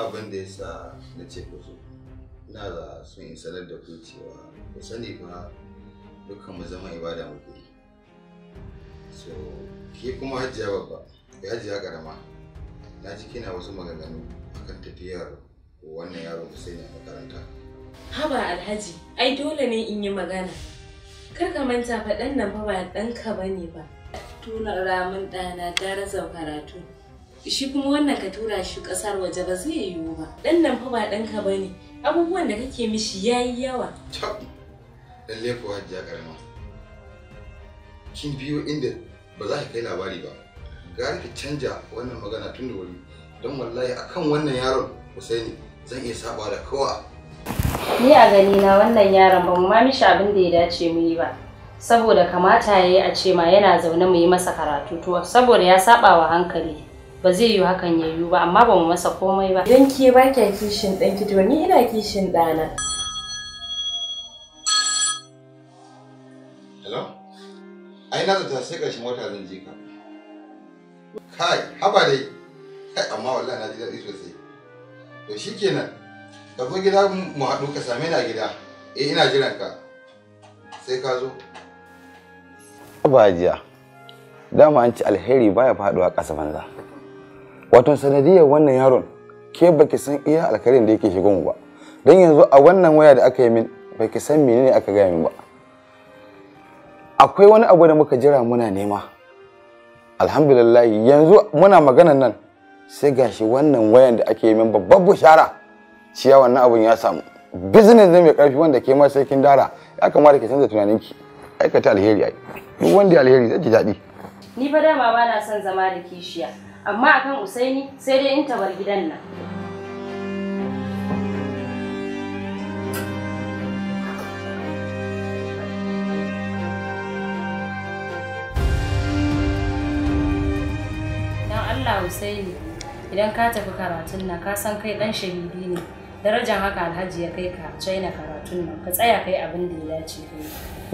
abin da ya sa na ce ku zo ina da son yi sanar da ku cewa ku sani ba dukkan mu zama ibada muke yi so ke kuma hajjiya babba da hajjiya karama na ji kina wasu maganganu akan tafiyar wannan yaro Hussein a makaranta haba alhaji ai dole ne in yi magana kar ka manta fa dan nan fa ba ɗanka bane ba tuna ramin ɗana ta rasa karatu shi kuma wannan ka tura shi kasar waje ba zai yiwu ba dan nan fa ba ɗanka ba ne abubuwan da kake mishi ya yi yawa lalle kuwa ya karama kin biyo inda ba za ka kai labari ba ga ka canja wannan magana tun da wuri don wallahi akan wannan yaron Husaini zan iya saba da kowa ni a gani na wannan yaron ba mu ma mishi abin da ya dace mu yi ba saboda kamata yayi a ce ma yana zaune mu yi masa karatu to saboda ya saba wa hankali ba zai yi hakan ya yiwu ba amma ba mu masa komai ba idan ke ba kya kishin ki to ni ina kishin ɗana hello ai na zata sai ƙarshen wata zan je ka kai haba dai kai amma wallahi na ji daɗi sosai to shikenan ka zo gida mu haɗu ka same ni a gida eh ina jiran ka sai ka zo ba jiya dama an ci alheri baya faɗuwa ƙasa banza wato sanadiyar wannan yaron ke baki san iya alkarin da yake shiga mu ba don yanzu a wannan waya da aka yi min baki san menene aka gaya min ba akwai wani abu da muka jira muna nema alhamdulillah yanzu muna maganan nan sai gashi wannan wayan da ake yi min babbar bushara ciya wannan abun ya samu business ne mai karfi wanda ke ma sai kin dara ya kamata ki canza tunaninki aikata alheri ai duk wanda alheri zai ji daɗi ni fa dama ba na son zama da kishiya amma akan usaini sai dai in tabar gidan nan Allah Usaini idan ka tafi karatun nan ka san kai dan shahidi ne darajar haka alhaji ya kai ka China karatun nan ka tsaya kai abin da ya dace kai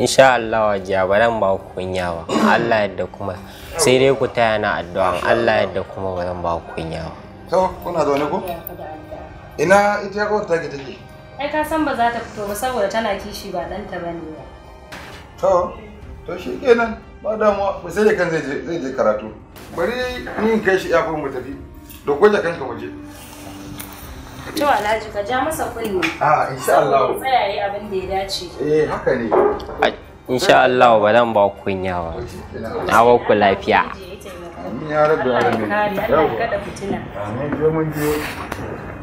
insha Allah wajiya jabaran ba kunyawa Allah yadda kuma sai dai ku taya na addu'an Allah yadda kuma ba zan ba ku kunya ba to kuna zaune ko ina ita ko ta ki take ai ka san ba za ta fito ba saboda tana kishi ba dan ta bane to to shi kenan ba damuwa ba sai da kan zai je zai je karatu bari ni kai shi ya mu tafi da gwaje kanka waje to alhaji ka ja masa kulli a ah, insha Allah tsaya yi abin da ya dace eh haka ne insha Allah ba zan ba ku kunya ba na ba ku lafiya ya rabbi alamin amin